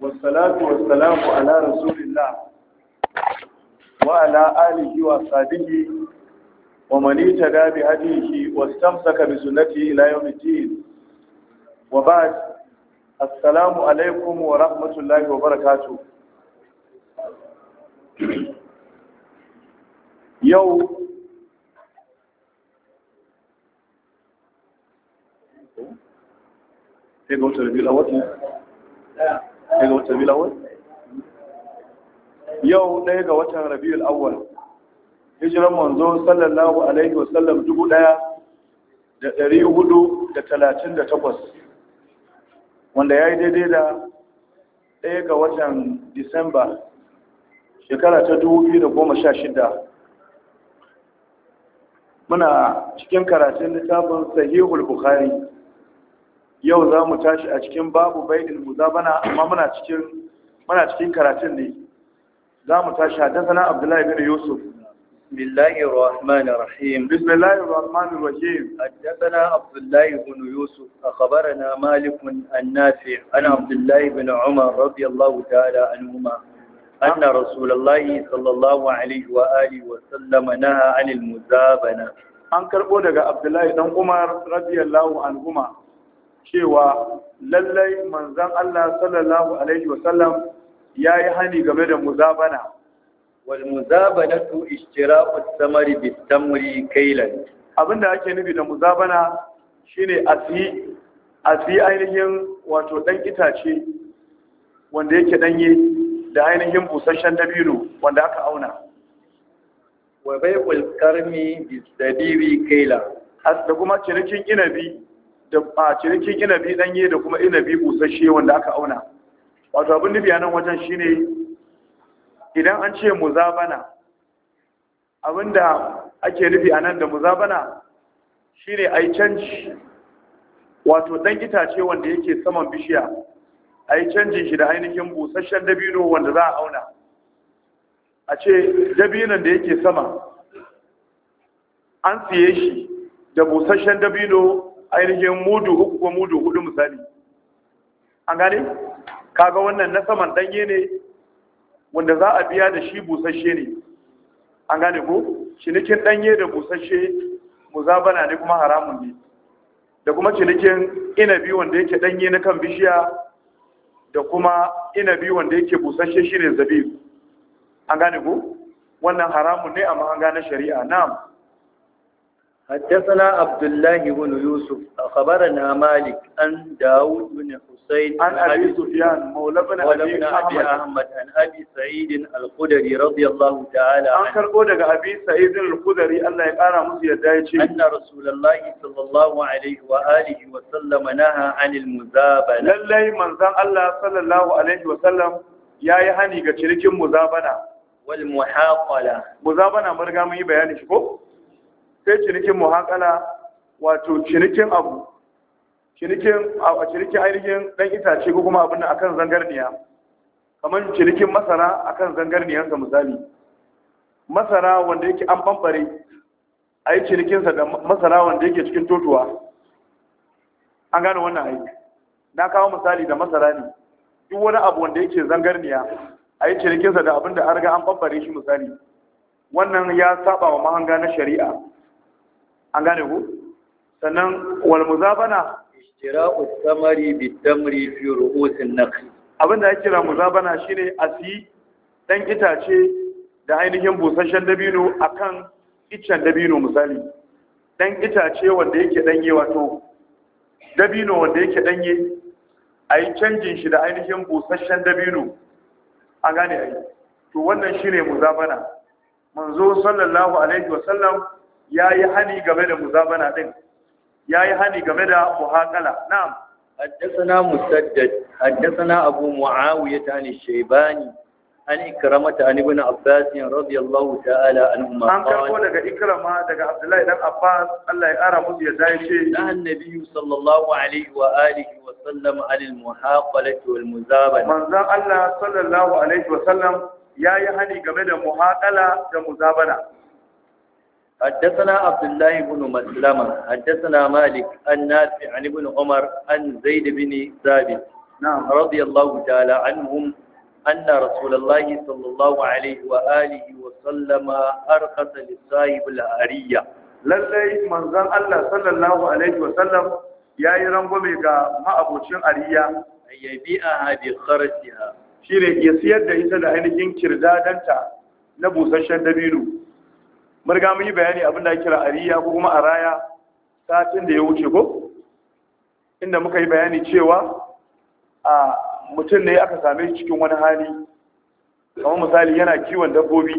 wasalatu wasalamu ala rasulillah wa ala alihi wa sahbihi wa man ittaba bi hadihi wastamsaka bi sunnatihi ila yawmiddin wa ba'd assalamu alaykum wa rahmatullahi wa barakatuh yau ga wata ga wata yau ɗaya ga watan rabi'ul awwal hijiran manzo sallallahu alaihi wa dubu ɗaya da ɗari hudu da talatin da takwas wanda ya yi daidai da ɗaya ga watan disamba shekara ta dubu biyu da goma sha shida muna cikin karatun littafin sahihul bukhari yau za mu tashi a cikin babu baidin muzabana amma muna cikin karatun ne za mu tashi a hadasana abdullahi bin yusuf bismillahir rahmanir rahim bismillahir rahmanir rahim haddathana abdullahi bin yusuf akhbarana malik an nafi an abdullahi bin umar radiyallahu ta'ala anhuma أن رسول الله صلى الله عليه wa وسلم نهى عن المزابنة an karbo daga abdullahi dan umar radiyallahu anhuma cewa lallai manzan Allah sallallahu alaihi wasallam ya yi hani game da muzabana wal muzabanatu ishtiraqu samari bit tamri kailan abinda ake nufi da muzabana shine asi asi ainihin wato dan itace wanda yake danye da ainihin busasshen dabino wanda aka auna wa bai'ul karmi bis dabiri kailan da kuma cinikin inabi da a cinikin inabi danye da kuma inabi busasshe wanda aka auna wato abin nufi a nan wajen shine idan an ce muzabana abinda ake nufi a nan da muzabana shine a yi canji wato dan itace wanda yake saman bishiya a yi canjin shi da ainihin busasshen dabino wanda za a auna a ce dabinon da yake sama an siye shi da busasshen dabino ainihin mudu uku ko mudu hudu misali an gane kaga wannan na saman danye ne wanda za a biya da shi busasshe ne an gane ko cinikin danye da busasshe muzabana ne kuma haramun ne da kuma cinikin inabi wanda yake danye na kan bishiya da kuma inabi wanda yake busasshe shine zabi an gane ko wannan haramun ne amma an gane shari'a na'am حدثنا عبد الله بن يوسف أخبرنا مالك أن داود بن حسين عن أبي سفيان مولى بن أبي أحمد, أحمد عن أبي سعيد الخدري رضي الله تعالى عنه أخر قولك أبي سعيد الخدري الله يقارى مزي دايتي أن رسول الله صلى الله عليه وآله وسلم نهى عن المزابنة لله من ذا الله صلى الله عليه وسلم يا يهني كترك مزابنة والمحاقلة مزابنة مرقام يبياني شكو sai cinikin muhakala wato cinikin abu cinikin a cinikin ainihin dan itace ko kuma abin da akan zangarniya kamar cinikin masara akan zangarniyarsa misali masara wanda yake an bambare a yi cinikinsa da masara wanda yake cikin totuwa an gane wannan aiki na kawo misali da masara ne duk wani abu wanda yake zangarniya a yi cinikinsa da abin da an riga an bambare shi misali wannan ya saba wa mahanga na shari'a an gane ku sannan wal muzabana ishtira'u samari bi damri fi ru'usin naqli abinda ake kira muzabana shine asi dan itace da ainihin busasshen dabino akan iccen dabino misali dan itace wanda yake danye wato dabino wanda yake danye a yi canjin shi da ainihin busasshen dabino a gane a yi to wannan shine muzabana manzo sallallahu alaihi wasallam ya yi hani game da muzabana din ya yi hani game da muhakala na'am haddasana musaddad haddasana abu muawiya ta ni shaybani an ikramata an ibn abbas radiyallahu ta'ala anhu an karbo daga ikrama daga abdullahi dan abbas Allah ya kara musu yadda ya ce da annabi sallallahu alaihi wa alihi wa sallam alil muhaqalati wal muzabana Allah sallallahu alaihi wa sallam ya yi hani game da muhaqala da muzabana حدثنا عبد الله بن مسلمة حدثنا مالك النافع عن ابن عمر عن زيد بن ثابت نعم رضي الله تعالى عنهم أن رسول الله صلى الله عليه وآله وسلم أرخص لصاحب العارية lallai manzon Allah sallallahu alaihi wa sallam yayi rangume ga ma'abocin ariya ayyabi'a bi kharsiha shine ya siyar da ita da ainihin kirdadanta na busasshen dabino Murga mun yi bayani abin da ake kira ariya ko kuma araya satin da ya wuce ko inda muka yi bayani cewa a mutum ne aka same shi cikin wani hali kamar misali yana kiwon dabbobi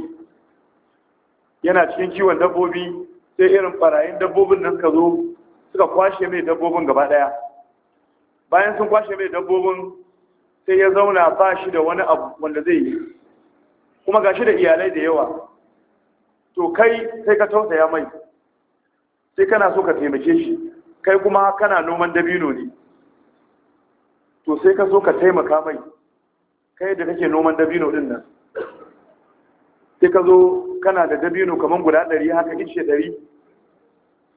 yana cikin kiwon dabbobi sai irin barayin dabbobin nan ka zo suka kwashe mai dabbobin gaba daya bayan sun kwashe mai dabbobin sai ya zauna ba shi da wani abu wanda zai yi kuma gashi da iyalai da yawa to kai sai ka tausaya mai sai kana so ka taimake shi kai kuma kana noman dabino ne to sai ka so ka taimaka mai kai da kake noman dabino din nan sai ka zo kana da dabino kamar guda ɗari haka ice ɗari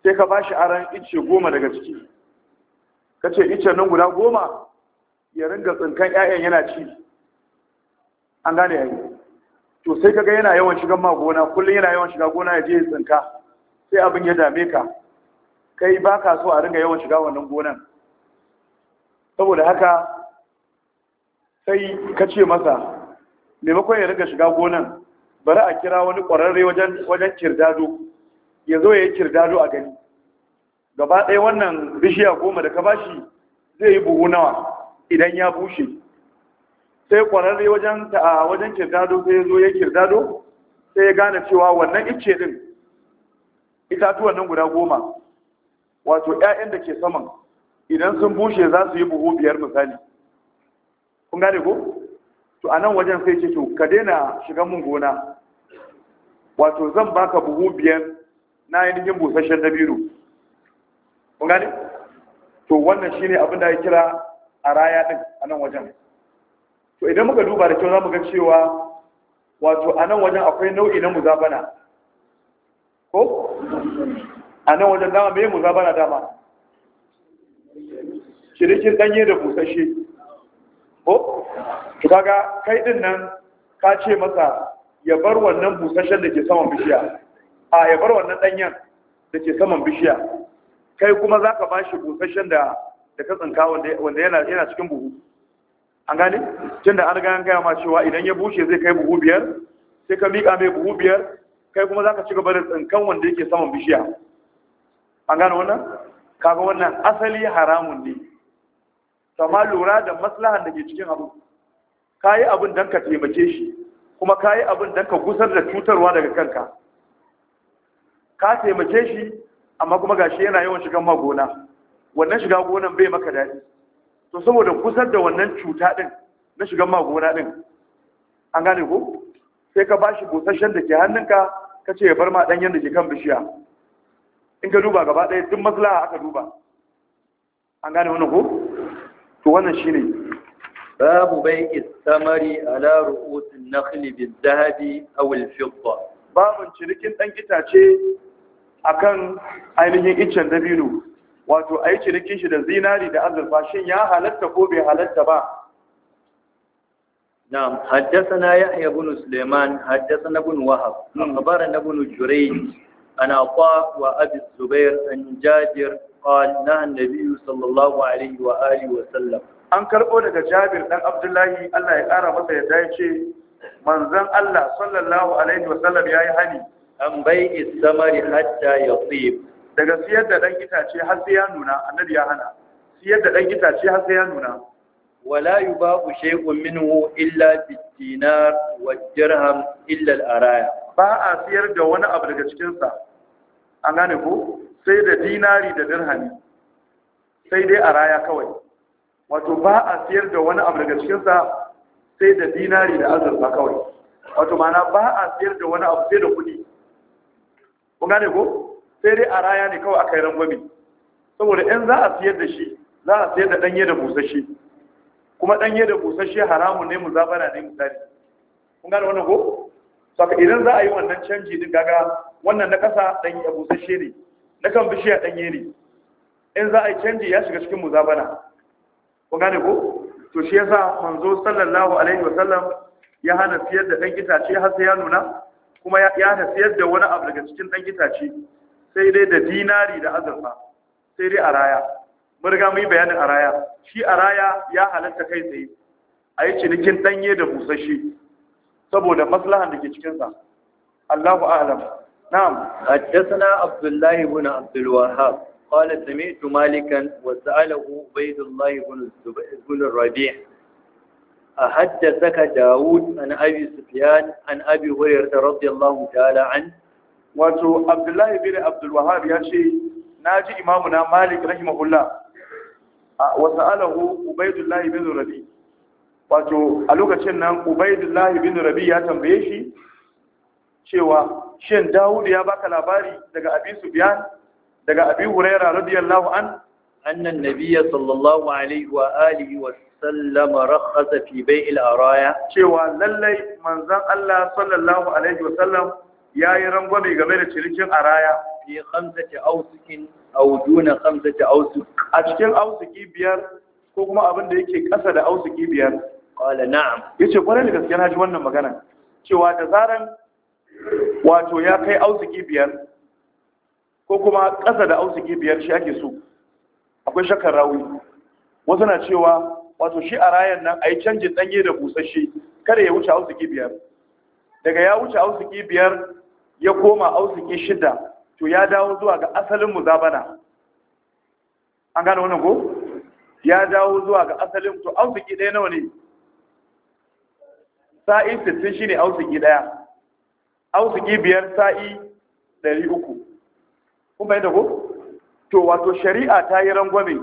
sai ka ba shi aran ice goma daga ciki ka ce ice nan guda goma ya ringa tsinkan 'ya'yan yana ci an gane hanyar to sai kaga yana yawan shigan ma gona kullum yana yawan shiga gona ya je ya tsinka sai abin ya dame ka kai ba ka so a ringa yawan shiga wannan gonan saboda haka sai ka ce masa maimakon ya ringa shiga gonan bari a kira wani ƙwararre wajen kirdado ya zo ya yi kirdado a gani gaba ɗaya wannan bishiya goma da ka bashi zai yi buhu nawa idan ya bushe sai ƙwararre wajen wajen kirdado sai zo ya kirdado sai ya gane cewa wannan icce din itatuwan nan guda goma wato ƴaƴan da ke saman idan sun bushe za su yi buhu biyar misali kun gane ko to a nan wajen sai ce to ka daina shiga mun gona wato zan baka buhu biyar na ainihin busasshen Dabiru." kun gane to wannan shine abin da ya kira a raya din a nan wajen to idan muka duba da kyau za mu ga cewa wato a nan wajen akwai nau'i na muzabana ko a nan wajen dama mai muzabana dama shirikin danye da busashe ko to kaga kai din nan ka ce masa ya bar wannan busashen da ke saman bishiya a ya bar wannan danyen da ke saman bishiya kai kuma za ka ba shi busashen da ka tsinka wanda yana cikin buhu an gane tunda an riga an gaya ma cewa idan ya bushe zai kai buhu biyar sai ka miƙa mai buhu biyar kai kuma za ka ci da tsinkan wanda yake saman bishiya an gane wannan kaga wannan asali haramun ne sama lura da maslahan da ke cikin abu ka yi abin don ka taimake shi kuma ka yi abin don ka gusar da cutarwa daga kanka ka taimake shi amma kuma gashi yana yawan shigan ma gona wannan shiga gonan bai maka daɗi to saboda kusar da wannan cuta din na shigan magunguna din an gane ko sai ka bashi busasshen da ke hannunka ka ce ya bar ma ɗanyen da ke kan bishiya in ka duba gaba ɗaya duk maslaha aka duba an gane wannan ko to wannan shine babu bai samari ala ru'usin nakhli bil dhahabi aw al fidda babu cinikin dan itace akan ainihin iccen dabino wato a yi cinikin shi da zinari da azurfa shin ya halatta ko bai halatta ba نعم حدثنا يحيى بن سليمان حدثنا بن وهب أخبرنا Ana جريج عن Abis, وأبي an عن جابر na نهى sallallahu alaihi الله عليه wa sallam. an karɓo daga jabir ɗan abdullahi allah ya ƙara masa ya ta ce allah sallallahu alaihi sallam ya yi hani an bai isamari hatta ya tsib daga siyar da dan itace har sai ya nuna annabi ya hana siyar da dan itace har sai ya nuna wala yubahu shay'un minhu illa bid-dinar wad-dirham illa al-araya ba a siyar da wani abu daga cikin sa an gane ko sai da dinari da dirhami sai dai araya kawai wato ba a siyar da wani abu daga cikin sa sai da dinari da azurfa kawai wato mana ba a siyar da wani abu sai da kuɗi kun gane ko sai dai a raya ne kawai aka yi rangwami saboda in za a siyar da shi za a siyar da ɗanye da busasshe kuma ɗanye da busasshe haramun ne mu zabara ne misali kun gane wannan ko saka idan za a yi wannan canji din gaga wannan na ƙasa ɗanye da busasshe ne na kan bishiya ɗanye ne in za a yi canji ya shiga cikin muzabana kun gane ko to shi yasa manzo sallallahu alaihi wa sallam ya hana siyar da ɗan itace har sai ya nuna kuma ya hana siyar da wani abu daga cikin ɗan itace sai dai da dinari da azurfa sai dai a raya mun riga bayanin a raya shi a raya ya halatta kai tsaye a yi cinikin ɗanye da busasshe saboda maslahan da ke cikinsa Allahu a'lam na'am haddathana Abdullahi ibn Abdul Wahhab قال سمعت مالكا وسأله عبيد الله بن بن الربيع أحدثك داود عن an abi عن an abi رضي الله تعالى عنه wato abdullahi bin abdul wahab ya ce na ji imamu na malik rahimahullah wasu alahu, ubaidullah bin rabi wato a lokacin nan ubaidullah bin rabi ya tambaye shi cewa shin Dawudu ya baka labari daga abi sufyan daga abi hurairah radiyallahu an annan nabiyya sallallahu alaihi wa alihi wa sallam rakhasa fi bai'il araya cewa lallai manzon Allah sallallahu alaihi wa sallam ya yi rangwame game da cinikin araya fi khamsati ausukin aw duna khamsati ausuk a cikin ausuki biyar ko kuma abin da yake kasa da ausuki biyar qala na'am yace kwarai da gaskiya na ji wannan magana cewa da zaran wato ya kai ausuki biyar ko kuma kasa da ausuki biyar shi ake so akwai shakar rawi wasu na cewa wato shi a rayan nan a yi canjin ɗanye da busasshe kada ya wuce ausuki biyar daga ya wuce ausuki biyar ya koma ausiki shida to ya dawo zuwa ga asalin muzabana an gane wani ko ya dawo zuwa ga asalin to ausiki ɗaya nawa ne sa'i shi ne ausiki ɗaya ausiki biyar sa'i ɗari uku. Kuma yadda ko to wato shari'a ta yi rangwame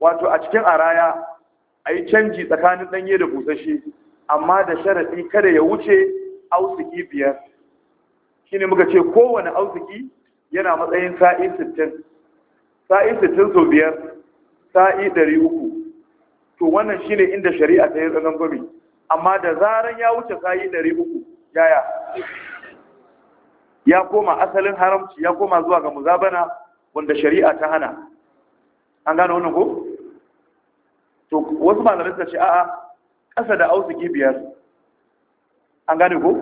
wato a cikin araya a yi canji tsakanin ɗanye da busashe amma da sharaɗi kada ya wuce ausiki biyar shine muka ce kowane arziki yana matsayin sa'i 60 sa'i 60 sau biyar sa'i 300 to wannan shine inda shari'a ta yi rangwame amma da zaran ya wuce sa'i 300 yaya ya koma asalin haramci ya koma zuwa ga muzabana wanda shari'a ta hana an gano wannan ko to wasu malamai suka ce a'a ƙasa da auziki biyar an gane ko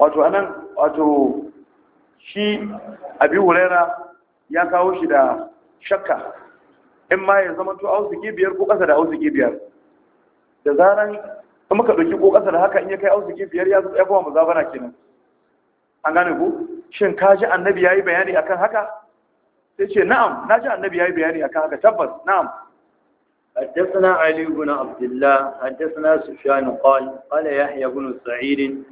wato anan wato shi abi huraira ya kawo shi da shakka in ma ya zama to ausiki biyar ko ƙasa da ausiki biyar da zaran in muka ɗauki ko ƙasa da haka in ya kai ausiki biyar ya zuba yabawa muzabara kenan an gane ku shin ka ji annabi ya yi bayani akan haka sai ce na'am na ji annabi ya yi bayani akan haka tabbas na'am حدثنا علي بن عبد الله حدثنا سفيان قال قال يحيى بن سعيد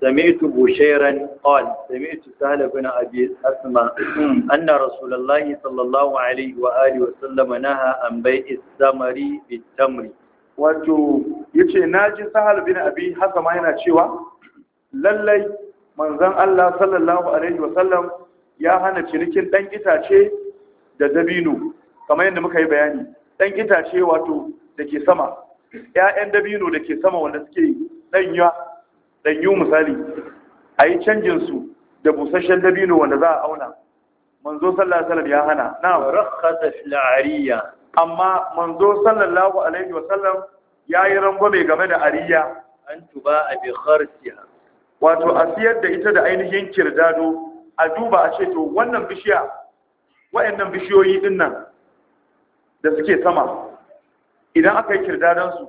سمعت بشيرا قال سمعت سهل بن أبي أسمى أن رسول الله صلى الله عليه وآله وسلم نهى عن بيع الثمر بالتمر wato yace naji sahal bin abi haka ma yana cewa lallai manzon Allah sallallahu alaihi wasallam ya hana cinikin dan itace da dabino kamar yadda muka yi bayani dan itace wato dake sama ƴaƴan dabino dake sama wanda suke danya Dan ɗanyu misali a yi canjinsu da busasshen dabino wanda za a auna manzo sallallahu alaihi ya hana na rakhasa ariya. amma manzo sallallahu alaihi wasallam ya yi rangwame game da ariya an tuba a bi kharsiya wato a siyar da ita da ainihin kirdado a duba a ce to wannan bishiya wayannan bishiyoyi din da suke sama idan aka yi kirdadansu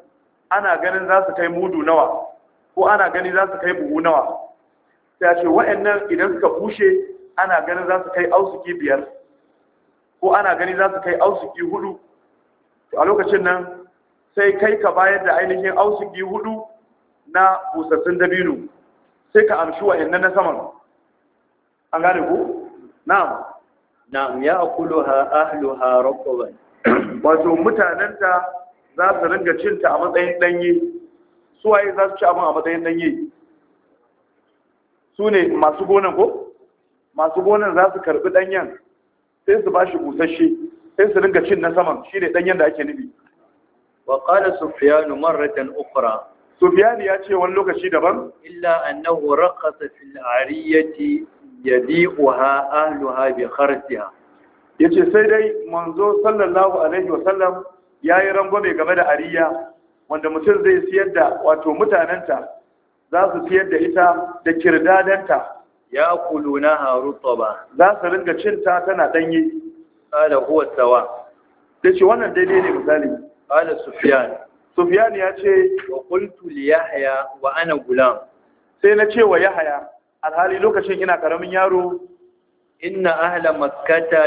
ana ganin za su kai mudu nawa ko ana gani za su kai buhu nawa sai a ce wa'annan idan suka bushe ana gani za su kai ausuki biyar ko ana gani za su kai ausuki hudu a lokacin nan sai kai ka bayar da ainihin ausuki hudu na busassun dabino sai ka amshi wa'annan na saman an gane ku? na'am na'am ya ahlu ha rabban wato mutanenta za su ringa cinta a matsayin danye su waye za su ci abin a matsayin ɗanye? su ne masu gonan ko masu gonan za su karbi danyen sai su ba shi busasshe sai su ringa cin na saman shi ne danyen da ake nufi wa qala sufyanu marratan ukhra sufyan ya ce wani lokaci daban illa annahu raqqasa fil ariyati yadi'uha ahluha bi kharsiha yace sai dai manzo sallallahu alaihi wasallam yayi rangwame game da ariya wanda mutum zai siyar da wato mutanenta za su siyar da ita da kirdadanta ya kulu na haru ba za su ringa cinta tana ɗanye ƙada huwa tsawa ta ce wannan daidai ne misali ƙada sufiyan sufiyan ya ce wa kultu li wa ana gulam sai na ce wa yahaya alhali lokacin ina karamin yaro inna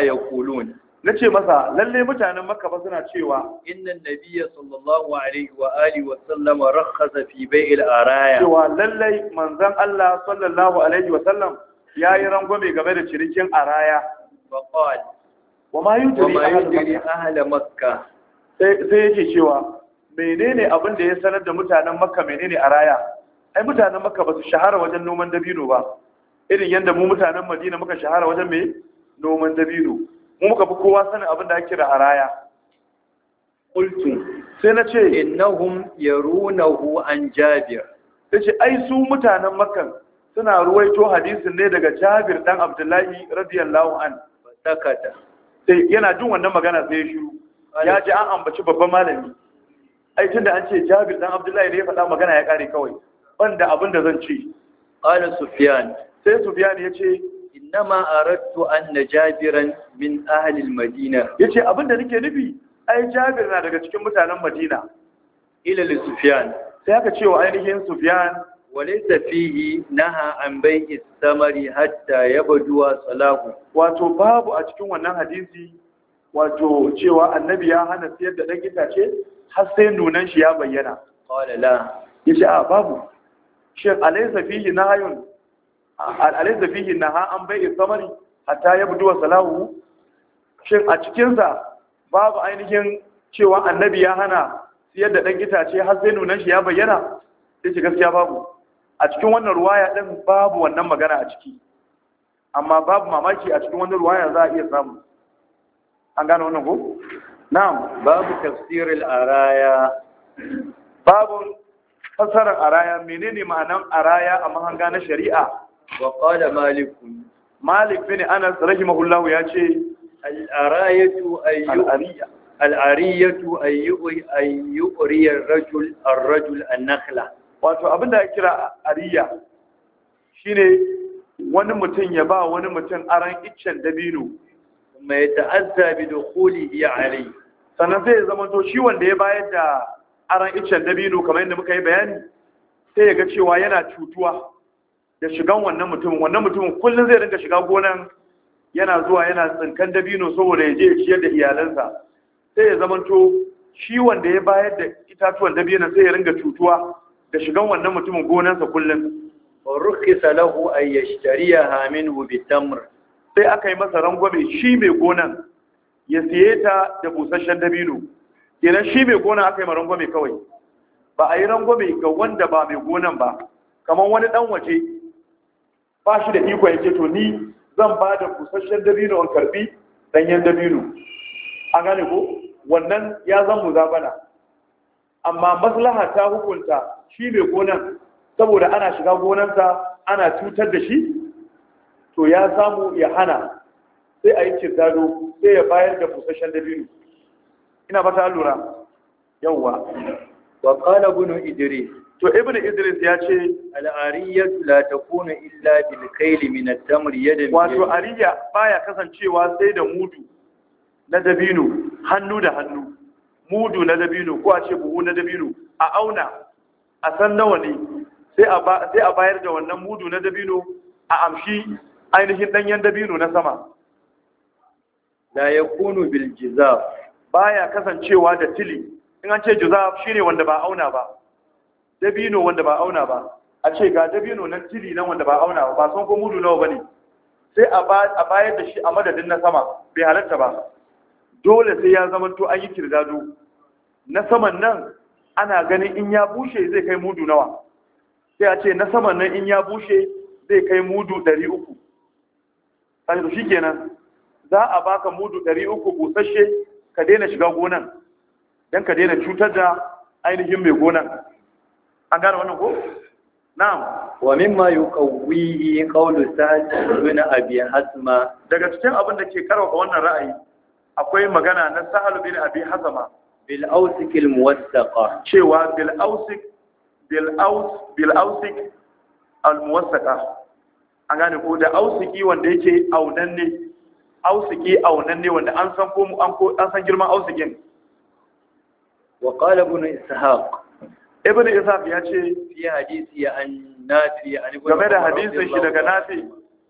ya kulu ne. na ce masa lalle mutanen makka ba suna cewa innan nabiyya sallallahu alaihi wa alihi wa sallama rakhasa fi bai'il araya cewa lalle manzon Allah sallallahu alaihi wa sallam yayi rangwame game da cirikin araya wa qal wa ma yudri ahla makka sai sai yake cewa menene abin da ya sanar da mutanen makka menene araya ai mutanen makka ba su shahara wajen noman dabino ba irin yadda mu mutanen madina muka shahara wajen me noman dabino muka fi kowa sanin abin da ake da haraya qultu sai na ce innahum hu an jabir ce ai su mutanen makkan suna ruwaito hadisin ne daga jabir ɗan abdullahi radiyallahu an sakata sai yana jin wannan magana sai shi shiru ya ji an ambaci babban malami ai tunda an ce jabir ɗan abdullahi ne ya faɗa magana ya ƙare kawai banda abin da zan ce ƙalin sufyan sai sufyan ya ce innama aradtu anna jabiran min ahli al-madina yace abinda nake nufi ai jabir na daga cikin mutanen madina ila li sufyan sai aka cewa ainihin sufyan walaysa fihi naha an bai'i samari hatta yabduwa salahu wato babu a cikin wannan hadisi wato cewa annabi ya hana siyar da dan itace har sai nunan shi ya bayyana qala la yace a babu shin alaysa fihi nahayun alaysa fihi naha an bai samari hatta yabdu wa salahu shin a cikinsa, babu ainihin cewa annabi ya hana siyar da ɗan itace har sai nunan shi ya bayyana shi gaskiya babu a cikin wannan ruwaya ɗin babu wannan magana a ciki amma babu mamaki a cikin wannan ruwaya za a iya samu an gane wannan ko na'am babu tafsiril araya babu fasarar araya menene ma'anan araya a mahanga na shari'a wa qala malik malik bin anas rahimahullahu ya ce al-arayatu ayyuriya al-ariyatu ayyuriya ar-rajul ar-rajul an-nakhla wato abinda ya kira ariya shine wani mutum ya ba wani mutum aran iccen dabino mai ta'azza bi dukhulihi alayhi sannan zai zama to shi wanda ya bayar da aran iccen dabino kamar yadda muka yi bayani sai ya ga cewa yana cutuwa da shigan wannan mutumin wannan mutumin kullum zai rinka shiga gonan yana zuwa yana tsinkan dabino saboda ya je ya ciyar da iyalansa sai ya zamanto shi wanda ya bayar da itatuwan dabino sai ya ringa cutuwa da shigan wannan mutumin gonansa kullum rukhisa lahu ay yashtariha minhu bitamr sai aka yi masa rangwame shi mai gonan ya siye ta da busasshen dabino kenan shi mai gonan aka yi ma rangwame kawai ba a yi rangwame ga wanda ba mai gonan ba kamar wani dan waje ba shi da iko yake to ni zan ba da kusasshen dabino in karbi danyen dabino an gane ko wannan ya zan muzabana amma maslaha ta hukunta shi mai gonan saboda ana shiga gonansa ana cutar da shi to ya samu ya hana sai a yi kirdado sai ya bayar da kusasshen dabino ina ba ta lura yawwa wa qala ibn idris to ibn idris ya ce al'ariyatu la takunu illa bil kayl min at-tamr yadan wato ariya baya kasancewa sai da mudu na dabino hannu da hannu mudu na dabino ko a ce buhu na dabino a auna a san nawa ne sai a bayar da wannan mudu na dabino a amshi ainihin danyen dabino na sama la yakunu bil jizaf baya kasancewa da tili in an ce jizaf shine wanda ba auna ba dabino wanda ba auna ba a ce ga dabino nan tili nan wanda ba auna ba san ko mudu nawa bane sai a bayar da shi a madadin na sama bai halarta ba dole sai ya zama to an yi kirdado na saman nan ana ganin in ya bushe zai kai mudu nawa sai a ce na saman nan in ya bushe zai kai mudu 300 sai to shikenan za a baka mudu 300 busasshe ka daina shiga gonan dan ka daina cutar da ainihin mai gonan an gane wannan ko na'am wa mimma yuqawwihi qawlu sa'd ibn abi hasma daga cikin abin da ke karfafa wannan ra'ayi akwai magana na sa'al bin abi hasma bil awsik al muwassaqa cewa bil awsik bil aws bil awsik al muwassaqa an gane ko da ausiki wanda yake aunanne ausiki aunanne wanda an san ko an san girman ausikin wa qala ibn ishaq ibn isaf ya ce hadisi ya an nafi game da hadisin shi daga nafi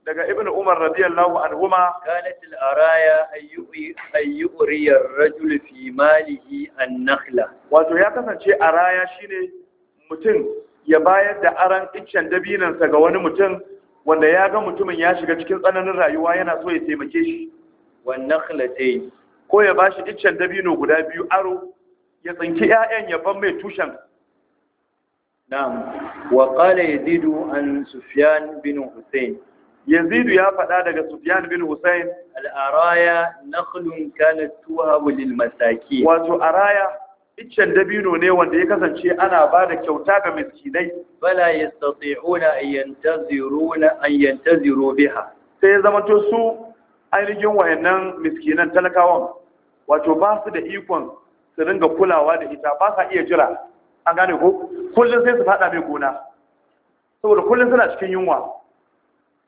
daga ibn umar radiyallahu anhuma kanat al araya ayyubi ayyuri ar rajul fi malihi an nakhla wato ya kasance araya shine mutum ya bayar da aran iccen dabinansa ga wani mutum wanda ya ga mutumin ya shiga cikin tsananin rayuwa yana so ya taimake shi wan nakhlatayn ko ya bashi iccen dabino guda biyu aro ya tsinki 'ya'yan ya ban mai tushen na'am Yazidu an sufyan bin husayn yazid ya faɗa daga sufyan bin husayn al-araya nakhlun kanat tuhabu lil masakin wato araya iccen dabino ne wanda ya kasance ana ba da kyauta ga miskinai bala yastati'una an yantaziruna an yantaziru biha sai zama to su ainihin wayannan miskinan talakawan wato ba su da ikon su ringa kulawa da ita ba iya jira an gane ko kullum sai su fada mai gona saboda kullum suna cikin yunwa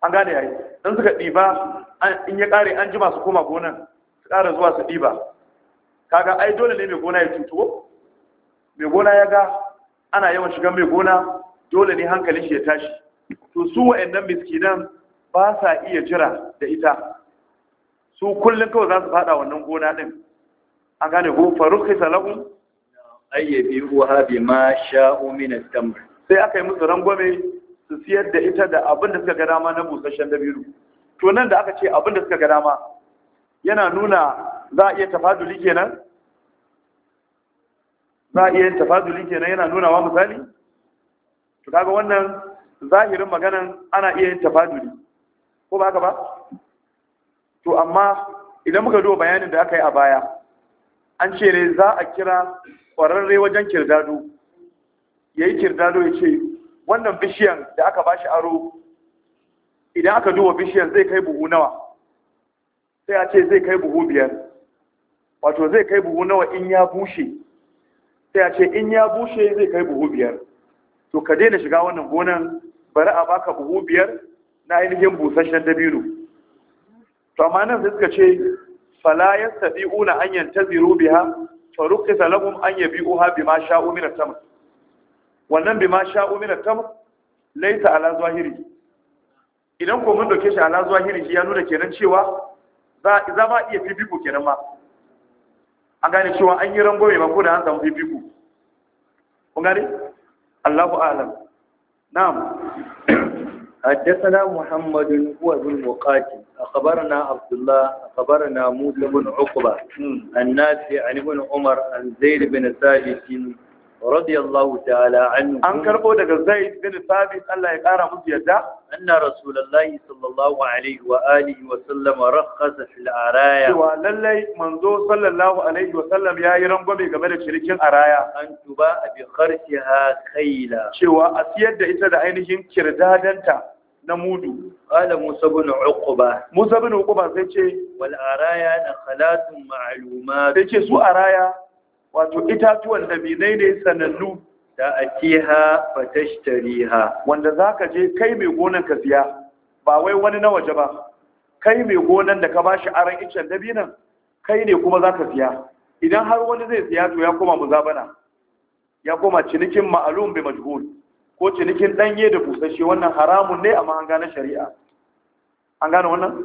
an gane yayi dan suka diba in ya kare an jima su koma gonan su kare zuwa su diba kaga ai dole ne mai gona ya tutuwo mai gona ya ga ana yawan shiga mai gona dole ne hankalin shi ya tashi to su wa'annan miskinan ba sa iya jira da ita su kullum kawai za su fada wannan gona din an gane ko farukhisa lahum ayyabi ruha bi ma sha'u min at-tamr sai aka yi musu rangwame su siyar da ita da abin da suka ga dama na busasshen dabiru to nan da aka ce abin da suka ga dama yana nuna za a iya tafaduli kenan za a iya yin tafaduli kenan yana nuna wa misali to kaga wannan zahirin maganan ana iya yin tafaduli ko ba haka ba to amma idan muka duba bayanin da aka yi a baya an ce ne za a kira ƙwararre wajen kirdado ya yi kirdado ya ce wannan bishiyan da aka ba shi aro idan aka duba bishiyan zai kai buhu nawa sai a ce zai kai buhu biyar wato zai kai buhu nawa in ya bushe sai a ce in ya bushe zai kai buhu biyar to ka daina shiga wannan gonan bari a baka buhu biyar na ainihin busasshen dabino to amma nan sai suka ce fala yastabi'una an yantaziru biha faruqi lahum an yabi'uha bima sha'u min at-tamr wannan bima sha'u min at-tamr laysa ala zahiri idan ko mun dauke shi ala zahiri shi ya nuna kenan cewa za za ma iya fifiko kenan ma an gane cewa an yi rango mai mako da an samu fifiko kun gane Allahu a'lam na'am حدثنا محمد هو بن مقاتل أخبرنا عبد الله أخبرنا موسى بن عقبة النافع عن ابن عمر عن زيد بن ثابت رضي الله تعالى عنه أن كربو دك زيد بن ثابت الله يقارى مزيدا أن رسول الله صلى الله عليه وآله وسلم رخص في الأرايا ولله منذ صلى الله عليه وسلم يا يرنقم قبل شريك الأرايا أن تباع بخرسها خيلا شوى أسيد إذا عينهم كردادنتا na mudu qala musa bin uquba musa bin uquba sai ce wal araya khalatun ma'luma sai ce su araya wato itatuwan dabinai ne sanannu da atiha fatashtariha wanda zaka je kai mai gonan ka siya ba wai wani na waje ba kai mai gonan da ka bashi aran iccen dabinan kai ne kuma zaka siya idan har wani zai siya to ya koma muzabana ya koma cinikin ma'lum bi majhul ko cinikin ɗanye da busasshe wannan haramun ne amma an gane shari'a an gane wannan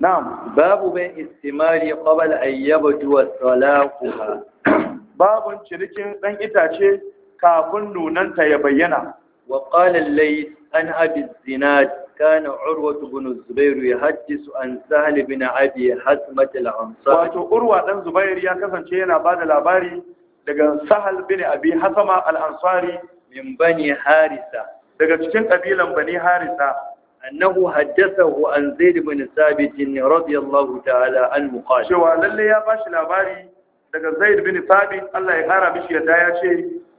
na'am babu bin istimari qabla an yabdu salaquha babun cinikin ɗan itace kafin nunanta ya bayyana wa qala al-layth an abi zinad kana urwa ibn zubair yahaddisu an sahl ibn abi hasmat al-ansar wato urwa dan zubair ya kasance yana bada labari daga sahal bin abi hasama al-ansari min bani harisa daga cikin kabilan bani harisa annahu haddathahu an zaid ibn sabit radiyallahu ta'ala anhu qala cewa lalle ya bashi labari daga zaid ibn sabit Allah ya kara mishi yadda ya ce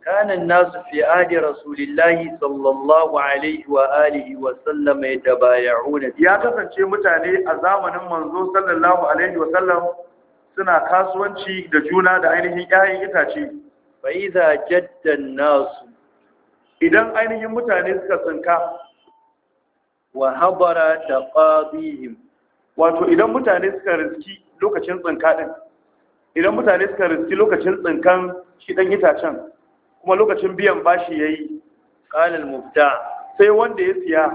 kana an-nas fi ahdi rasulillahi sallallahu alaihi wa alihi wa sallam ya kasance mutane a zamanin manzo sallallahu alaihi wa sallam suna kasuwanci da juna da ainihin 'ya'yan itace fa idza jadda idan ainihin mutane suka tsinka wa habara taqabihim wato idan mutane suka riski lokacin tsinka ɗin, idan mutane suka riski lokacin tsinkan shi ɗan itacen kuma lokacin biyan bashi yi ƙalil mubta sai wanda ya siya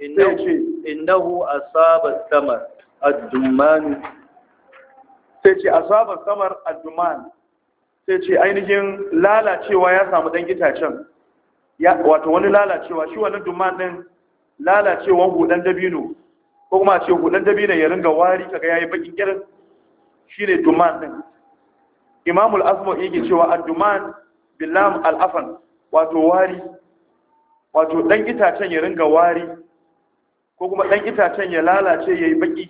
innahu innahu asaba samar ad-duman sai ce asaba samar ad-duman sai ce ainihin lalacewa ya samu ɗan itacen ya wato wani lalacewa shi wannan duman din lalacewan hudan dabino ko kuma ce hudan dabino ya ringa wari kaga yayi bakin kirin shine duman din imamu al-Azmi yake cewa ad-duman billam al-afan wato wari wato dan itacen ya ringa wari ko kuma dan itacen ya lalace yayi baki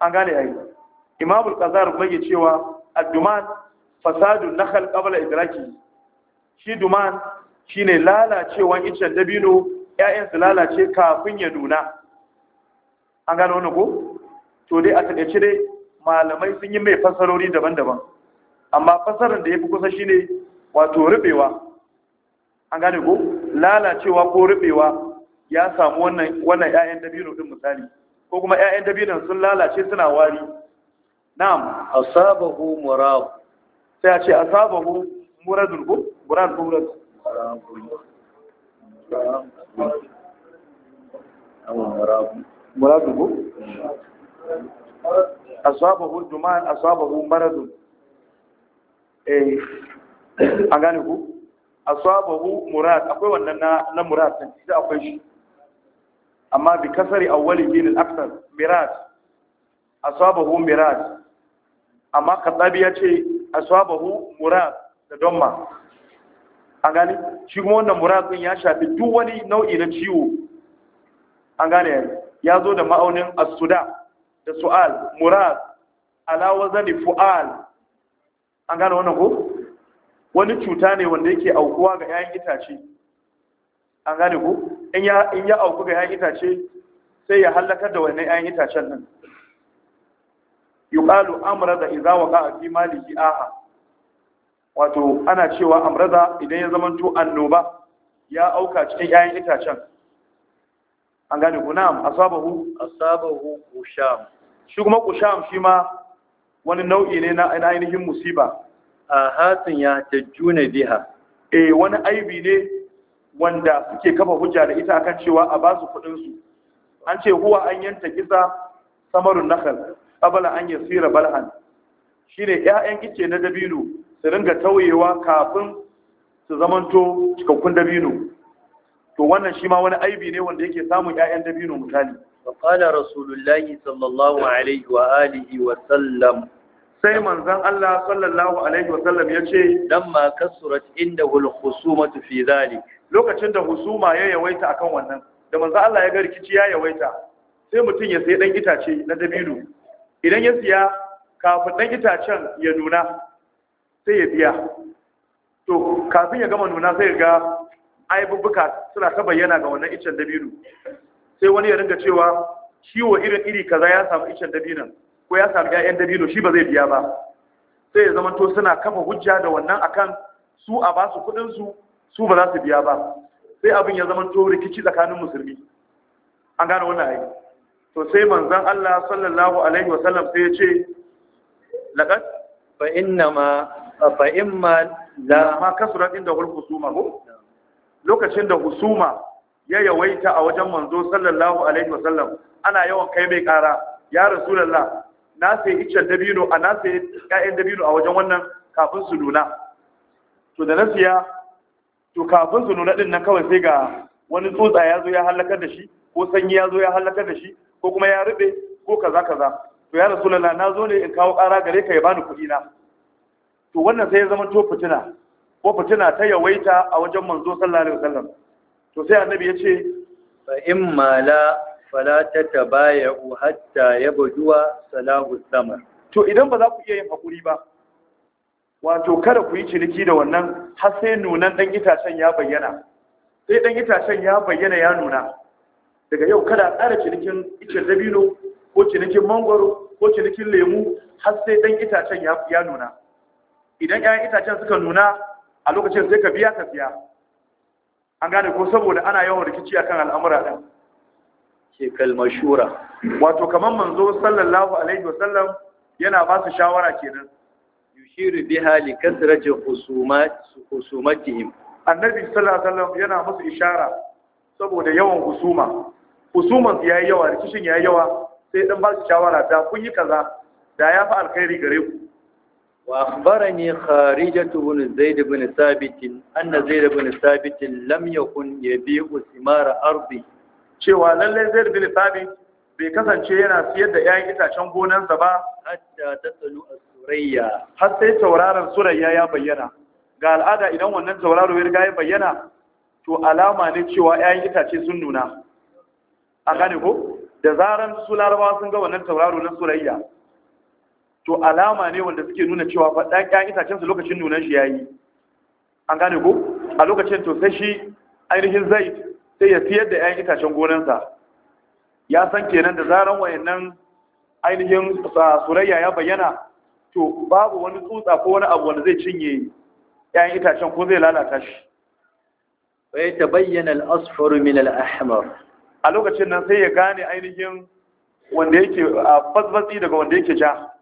an gane yayi imamu al-Qazar kuma yake cewa ad-duman fasadun nakhl qabla idraki shi duman shine lalacewan iccen dabino ƴaƴan su lalace kafin ya nuna an gano wannan ko to dai a taƙaice dai malamai sun yi mai fasarori daban-daban amma fasarar da ya fi kusa shine wato rubewa an gane ko lalacewa ko rubewa ya samu wannan wannan ƴaƴan dabino din misali ko kuma ƴaƴan dabinon sun lalace suna wari na'am asabahu murad sai a ce asabahu muradul ko muradul murad muradubu asabahu juma'an asabahu maradun eh an gane ku asabahu murad akwai wannan na na murad din da akwai shi amma bi kasari awwali bin al-akthar mirad asabahu mirad amma kadabi yace asabahu murad da domma an gane shi kuma wannan muradun ya shafi duk wani nau'i na ciwo an gane ya zo da ma'aunin as da su'al murad ala wazani fu'al an gane wannan ko wani cuta ne wanda yake aukuwa ga 'ya'yan itace an gane ko in ya auku ga 'ya'yan itace sai ya hallakar da wani 'ya'yan itacen nan yuqalu amra da idza a fi maliki aha wato ana cewa amraza idan ya zama zamanto annoba ya auka cikin 'ya'yan itacen an gane ku na'am asabahu asabahu qusham shi kuma qusham shi ma wani nau'i ne na ainihin musiba a hatin ya tajjuna biha eh wani aibi ne wanda suke kafa hujja da ita akan cewa a ba su kudin su an ce huwa an yanta kisa samarun nakal qabla an yasira balhan shine 'ya'yan kice na dabino su ringa tauyewa kafin su zamanto cikakkun dabino to wannan shi ma wani aibi ne wanda yake samun 'ya'yan dabino misali qala rasulullahi sallallahu alaihi wa alihi wa sallam sai manzon Allah sallallahu alaihi wa sallam ya ce dan ma kasurat inda hul khusumatu fi zalik lokacin da husuma ya yawaita akan wannan da manzon Allah ya ga rikici ya yawaita sai mutum ya sayi dan itace na dabino idan ya siya kafin dan itacen ya nuna sai ya biya to kafin ya gama nuna sai ga aibubbuka suna ta bayyana ga wannan icen dabino sai wani ya ringa cewa ciwo irin iri kaza ya samu icen dabino ko ya samu 'ya'yan dabino shi ba zai biya ba sai ya zama to suna kafa hujja da wannan akan su a ba su su su ba za su biya ba sai abin ya zama to rikici tsakanin musulmi an gane wannan ayi to sai manzon Allah sallallahu alaihi wasallam sai ya ce laqad fa innama fa imma la ma kasura inda hul husuma ko lokacin da husuma ya yawaita a wajen manzo sallallahu alaihi wasallam ana yawan kai mai kara ya rasulullah na sai iccen dabino a na sai ƴaƴan dabino a wajen wannan kafin su nuna to da nasiya to kafin su nuna din nan kawai sai ga wani tsotsa ya zo ya halakar da shi ko sanyi ya zo ya halakar da shi ko kuma ya rube ko kaza kaza to ya rasulullah na zo ne in kawo kara gare ka ya bani kuɗi na to wannan sai ya zama to fitina ko fitina ta yawaita a wajen manzo sallallahu alaihi wasallam to sai annabi ya ce fa in mala fala tatabayu hatta yabduwa salahu samar to idan ba za ku iya yin hakuri ba wato kada ku yi ciniki da wannan har sai nunan dan itacen ya bayyana sai dan itacen ya bayyana ya nuna daga yau kada ƙara cinikin icen dabino ko cinikin mangoro ko cinikin lemu har sai dan itacen ya nuna idan 'ya'yan itacen suka nuna a lokacin sai ka biya ka biya. an gane ko saboda ana yawan rikici akan al'amura ɗin ke kalmar shura wato kamar manzo sallallahu alaihi wasallam yana ba su shawara kenan yushiru bi hali kasrati husumat husumatihim annabi sallallahu alaihi wasallam yana musu ishara saboda yawan husuma husuman yayi yawa rikicin yayi yawa sai dan ba su shawara da kun yi kaza da ya fi alkhairi gare ku واخبرني خارجة بن زيد بن ثابت ان زيد بن ثابت لم يكن يبيع ثمار أرضه cewa lallai zai بن ثابت bai kasance yana siyar da 'ya'yan itacen gonarsa ba hatta ta tsalu a surayya har sai tauraron surayya ya bayyana ga al'ada idan wannan tauraro ya riga ya bayyana to alama ne cewa 'ya'yan itace sun nuna a gane ko da zaran su larabawa sun ga wannan tauraro na surayya to alama ne wanda suke nuna cewa fa da ƴaƴan itacen su lokacin nunan shi yayi an gane ko a lokacin to sai shi ainihin zai sai ya siyar da ƴaƴan itacen gonansa ya san kenan da zaran wayannan ainihin surayya ya bayyana to babu wani tsutsa ko wani abu wanda zai cinye ƴaƴan itacen ko zai lalata shi sai ta bayyana al-asfar min al a lokacin nan sai ya gane ainihin wanda yake a fasfasi daga wanda yake ja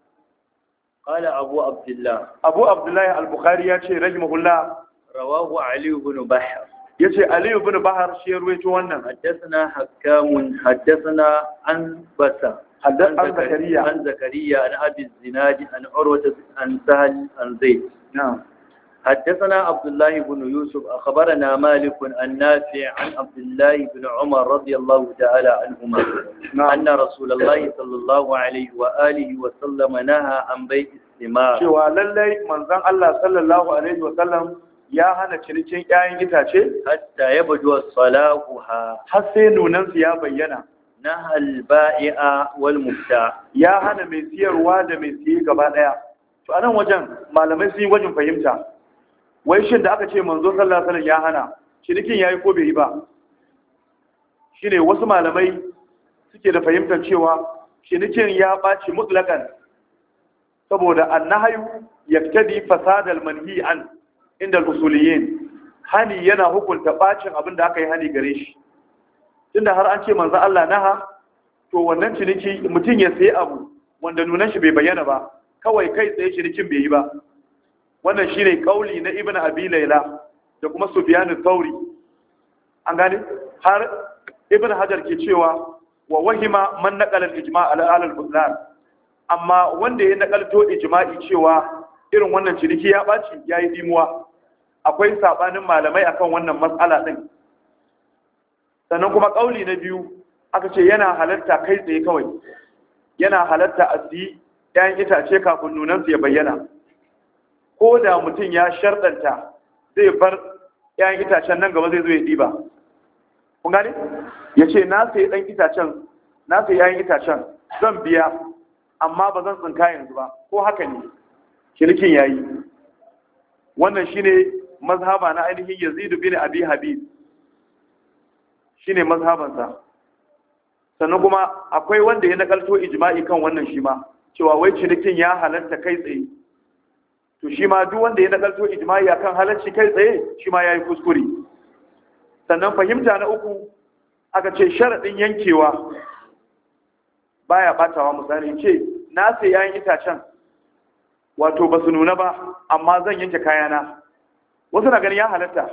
Kala Abu Abdullah. Abu Abdullah al-Bukhari ya ce rahimahullah. Rawahu Ali ibn Bahar. Ya ce Ali ibn Bahar wannan. Haddasana Hakamun haddasana an bata. Haddasana an Zakariya. An Zakariya an Abi Zinadi an Urwa an Sahal an حدثنا عبد الله بن يوسف أخبرنا مالك النافع عن عبد الله بن عمر رضي الله تعالى عنهما أن رسول الله صلى الله عليه وآله وسلم نهى عن بيع الثمار شوى للي من ذن الله صلى الله عليه وسلم ya hana cinikin 'ya'yan itace? Hatta ya bajuwa salahuha. Har sai nunansu ya bayyana. Na halba'i'a wal mufta. Ya hana mai siyarwa da mai siye gaba ɗaya. To a nan wajen malamai sun yi fahimta. wai shin da aka ce manzo sallallahu alaihi wasallam ya hana cinikin yayi ko bai yi ba shine wasu malamai suke da fahimtar cewa cinikin ya baci mutlakan saboda annahyu yaktadi fasad manhi an inda al hani yana hukunta bacin abin da aka yi hani gare shi tunda har an ce manzo Allah naha to wannan ciniki mutum ya sayi abu wanda nunan shi bai bayyana ba kawai kai tsaye cinikin bai yi ba wannan shine kauli na ibnu abi laila da kuma sufyan thauri an gane har Ibn hajar ke cewa wa wahima man naqala al-ijma' ala al amma wanda ya nakalto ijma'i cewa irin wannan ciniki ya baci yi dimuwa akwai sabanin malamai akan wannan matsala din sannan kuma kauli na biyu aka ce yana halarta kai tsaye kawai yana halarta a siyi ‘ya'yan itace kafin nunansu ya bayyana ko da mutum ya sharɗanta zai bar 'ya'yan itacen nan gaba zai zo ya ɗiba kun gani? ya ce na sai ɗan itacen na sai 'ya'yan itacen zan biya amma ba zan tsinka yanzu ba ko haka ne shirikin ya yi wannan shine mazhaba na ainihin yazidu bin abi habib shine mazhabansa sannan kuma akwai wanda ya nakalto ijima'i kan wannan shi ma cewa wai cinikin ya halatta kai tsaye to shi ma duk wanda ya nakalto ijma'i akan halarci kai tsaye shi ma yayi kuskure sannan fahimta na uku aka ce sharadin yankewa baya batawa misali ce na sai yayin itacen wato ba su nuna ba amma zan yanke kayana wasu na ganin ya halatta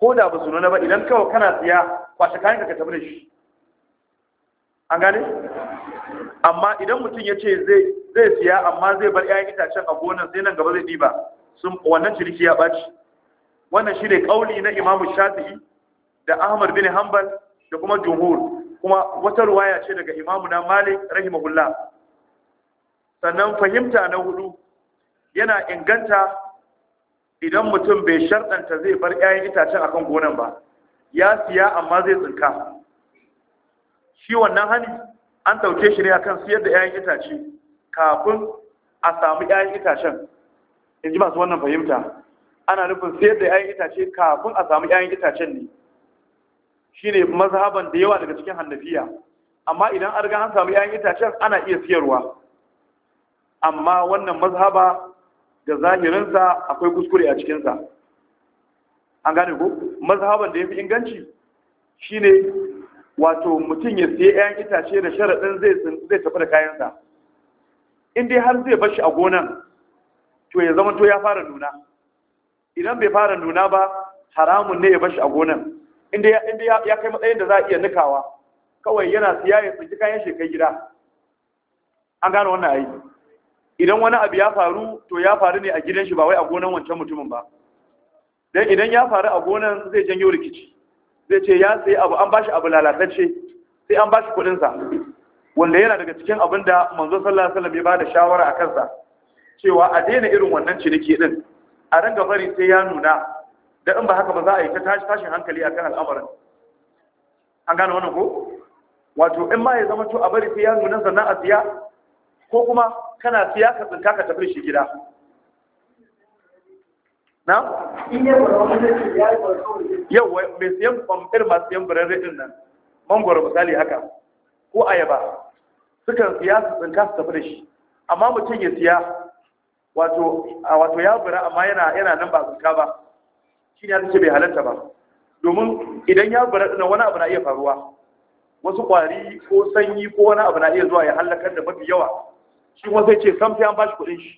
ko da ba su nuna ba idan kawai kana siya kwashe kayan ka tafi da shi an gane amma idan mutum ya ce zai siya amma zai bar 'ya'yan itacen a gonan sai nan gaba zai diba, sun wannan ciniki ya ɓaci wannan shi ne ƙauli na imamu shafi'i da ahmad bin hanbal da kuma jumhur kuma wata ruwaya ce daga imamu na malik rahimahullah sannan fahimta na hudu yana inganta idan mutum bai sharɗanta zai bar 'ya'yan itacen akan gonan ba ya siya amma zai tsinka shi wannan hani an ɗauke shi ne akan siyar da 'ya'yan itace kafin a samu 'ya'yan itacen in ji masu wannan fahimta ana nufin siyar da 'ya'yan itace kafin a samu 'ya'yan itacen ne shi ne mazhaban da yawa daga cikin hannafiya amma idan an riga an samu 'ya'yan itacen ana iya siyarwa amma wannan mazhaba da zahirinsa akwai kuskure a cikinsa an gane ko mazhaban da ya fi inganci shine wato mutum ya siya 'ya'yan itace da sharaɗin zai tafi da kayansa in dai har zai bashi a gonan to ya zama to ya fara nuna idan bai fara nuna ba haramun ne ya bashi a gonan inda ya kai matsayin da za a iya nikawa kawai yana siya ya tsinci kayan shekai gida an gano wannan ayi idan wani abu ya faru to ya faru ne a gidan shi ba wai a gonan wancan mutumin ba dan idan ya faru a gonan zai janyo rikici sai ce ya sai abu an bashi abu lalatacce sai an bashi kuɗin sa wanda yana daga cikin abin da manzo sallallahu alaihi wasallam ya bada shawara a kansa cewa a daina irin wannan ciniki din a ranga bari sai ya nuna da in ba haka ba za a yi ta tashin hankali akan al'amarin an gane wannan ko wato in ma ya zama to a bari sai ya nuna sannan a siya ko kuma kana siya ka tsinka ka tafi shi gida na? yau mai siyan kwamfir masu siyan birane nan mangoro misali haka ko ayaba sukan siya su tsinka su tafi da shi amma mutum ya siya wato ya bura amma yana nan ba tsinka ba shi ne ya bai halatta ba domin idan ya bura ɗin wani abu na iya faruwa wasu ƙwari ko sanyi ko wani abu na iya zuwa ya hallakar da mafi yawa shi kuma sai ce sam sai an bashi kuɗin shi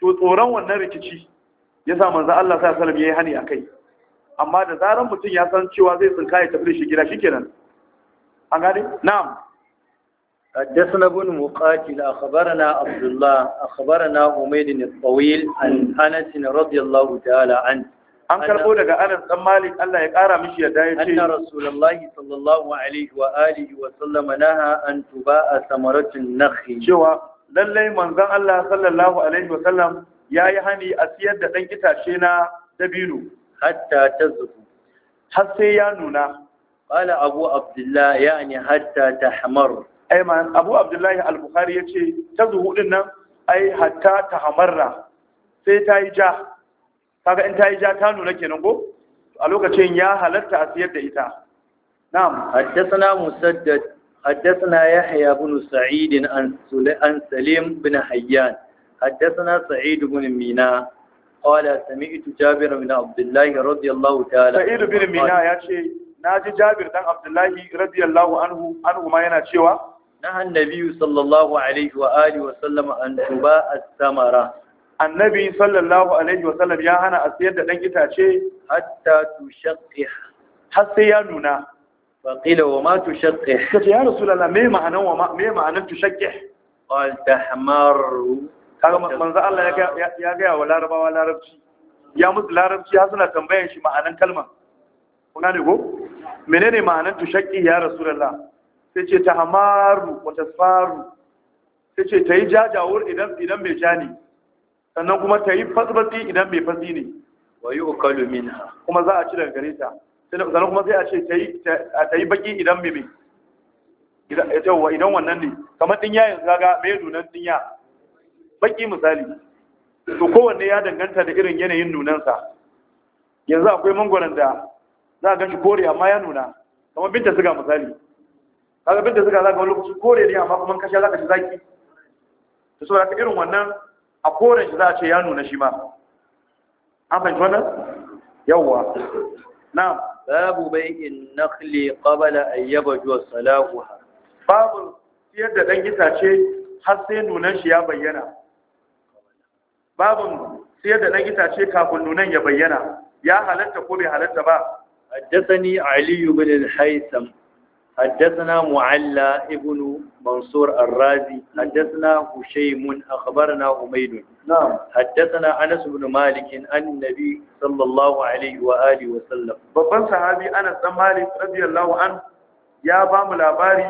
to tsoron wannan rikici Ya sa manzo Allah sallallahu alaihi wasallam yayi hani akai amma da zaran mutum ya san cewa zai tsinka ya tafi da shi gida shikenan an gane na'am حدثنا ابن مقاتل أخبرنا عبد الله أخبرنا عميد الطويل عن أنس رضي الله تعالى عنه an karbo daga anas dan malik Allah ya kara mishi ya ya ce anna rasulullahi sallallahu alaihi wa alihi wa sallama naha an tuba'a samaratun nakhi cewa lallai manzon Allah sallallahu alaihi wa sallam ya yi hani a siyar da ɗan itace na dabino hatta ta zubu har sai ya nuna ƙala abu abdullahi ya ne hatta ta hamar ai ma abu abdullahi al-bukhari ya ce ta zuhu ɗin nan ai hatta ta hamarra sai ta yi ja kaga in ta yi ja ta nuna kenan ko a lokacin ya halatta a siyar da ita na'am haddathana musaddad haddathana yahya ibn sa'id an an salim bin hayyan حدثنا سعيد بن مينا قال سمعت جابر بن عبد الله رضي الله تعالى سعيد بن مينا يا شيخ ناجي جابر بن عبد الله رضي الله عنه عنه ما yana cewa نهى النبي صلى الله عليه واله وسلم ان تباع الثمره annabi sallallahu alaihi wasallam ya hana a sayar da ɗan itace hatta tushaqqih har sai ya nuna faqila wa ma tushaqqih kace ya rasulullah me ma'anan wa me ma'anan tushaqqih kaga manzo Allah ya ya ga wa larabawa larabci ya musu larabci har suna tambayan shi ma'anan kalma kun gane ko menene ma'anan shakki? ya rasulullah sai ce ta hamaru wa tasfaru sai ce tayi jajawur idan idan bai jani sannan kuma tayi fasbati idan bai fasi ne wa yu'kalu minha kuma za a ci daga gare ta sannan kuma sai a ce tayi tayi baki idan bai idan wannan ne kamar ya yanzu ga mai dunan dinya baki misali to kowanne ya danganta da irin yanayin nunansa yanzu akwai mangwaron da za a ganshi kore amma ya nuna kamar binta siga misali kaga binta siga za ka wani lokaci kore ne amma kuma kashe za ka ci zaki to so da irin wannan a koren shi za a ce ya nuna shi ma an fahimci wannan yawwa na babu bai'in nakhli qabla an yabju salahuha babu yadda da dan itace har sai nunan shi ya bayyana babin sai da na itace kafin nunan ya bayyana ya halarta ko bai halarta ba haddathani ali ibn al-haytham haddathana mu'alla ibn mansur ar-razi haddathana husaym akhbarana umayd na'am haddathana anas ibn malik annabi sallallahu alayhi wa wa sallam babban sahabi anas ibn malik radiyallahu an ya bamu labari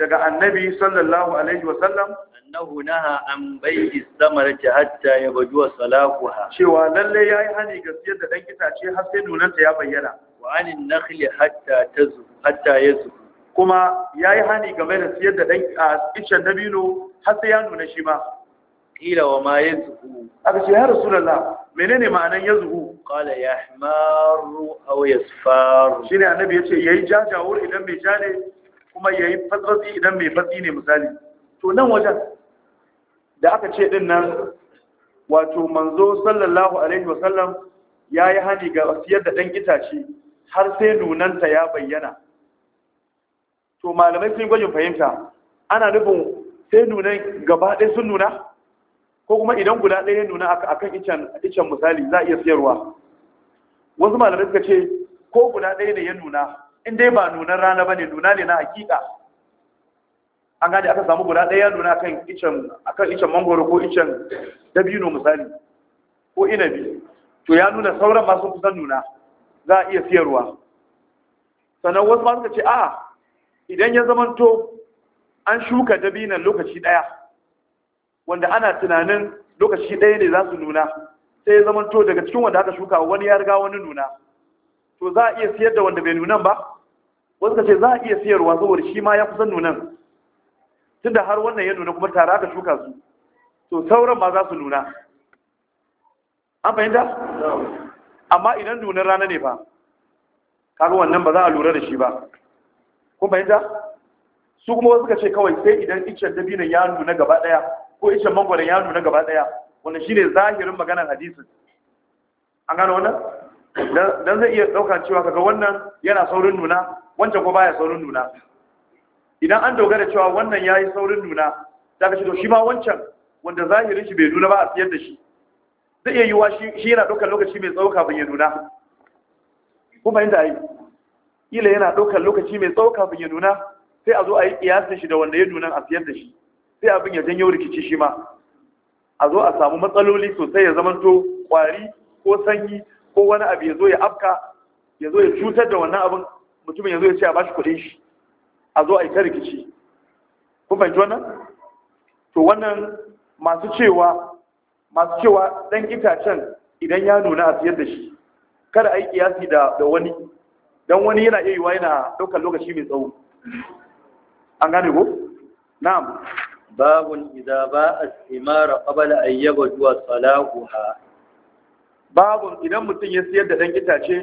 daga annabi sallallahu alaihi wasallam annahu naha an bai'i samarati hatta yabdu salahuha cewa lalle yayi hani gaskiyar da dan kitace har sai nunanta ya bayyana wa anin nakhli hatta tazu hatta yazu kuma yayi hani game da siyar da dan icen dabino har sai ya nuna shi ma qila wa ma yazu aka ce ya rasulullah menene ma'anan yazu qala yahmaru aw yasfar shine annabi yace yayi jajawur idan bai jane? kuma ya yi idan mai fatsi ne misali to nan wajen da aka ce din nan wato manzo sallallahu alaihi wasallam ya yi hani ga wasiyar da ɗan itace har sai nunanta ya bayyana to malamai sun gwajin fahimta ana nufin sai nunan gaba ɗaya sun nuna ko kuma idan guda ɗaya nuna a kan icen misali za a iya siyarwa wasu malamai suka ce ko guda ɗaya da ya nuna in dai ba nunan rana bane nuna ne na hakika an gane aka samu guda ɗaya nuna kan icen akan icen mangoro ko icen dabino misali ko inabi to ya nuna sauran masu kusan nuna za a iya siyarwa sannan wasu ma ce a idan ya zamanto an shuka dabinan lokaci ɗaya wanda ana tunanin lokaci ɗaya ne za su nuna sai ya zamanto daga cikin wanda aka shuka wani ya riga wani nuna to za a iya siyar da wanda bai nunan ba wasu ka ce za a iya siyarwa saboda shi ma ya kusan nunan tunda har wannan ya nuna kuma tare aka shuka su to sauran ma za su nuna an fahimta amma idan nunan rana ne fa kaga wannan ba za a lura da shi ba kun fahimta su kuma wasu ka ce kawai sai idan icen dabinan ya nuna gaba daya ko icen mangwaron ya nuna gaba daya wannan shine zahirin maganar hadisin an gano wannan dan zai iya dauka cewa kaga wannan yana saurin nuna wancan ko baya saurin nuna idan an dogara cewa wannan yayi saurin nuna daga shi to shi ma wancan wanda zahirin shi bai nuna ba a siyar da shi zai iya yiwa shi yana ɗaukar lokaci mai tsawo kafin ya nuna ko bayan da yi, ila yana ɗaukar lokaci mai tsawo kafin ya nuna sai a zo a yi kiyasin shi da wanda ya nuna a siyar da shi sai abin ya janyo rikici shi ma a zo a samu matsaloli sosai ya zamanto kwari ko sanyi ko wani abu ya zo ya afka ya zo ya cutar da wannan abin mutumin ya zo ya ce a bashi kudin shi a zo a yi ta rikici kun fahimci wannan to wannan masu cewa masu cewa ɗan itacen idan ya nuna a siyar da shi kada a yi kiyasi da wani don wani yana iya yiwa yana ɗaukar lokaci mai tsawo an gane ko na'am babun idaba ba'a thimara qabla an yabdu as-salahu babu idan mutum ya siyar da ɗan itace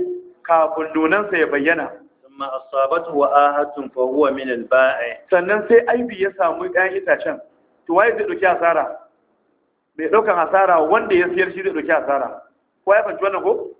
kafin nunansa ya bayyana thumma asabatu wa ahatun fa huwa min al sannan sai aibi ya samu ɗan itacen to waye zai ɗauki asara Mai ɗaukan asara wanda ya siyar shi zai ɗauki asara ko ya fahimci wannan ko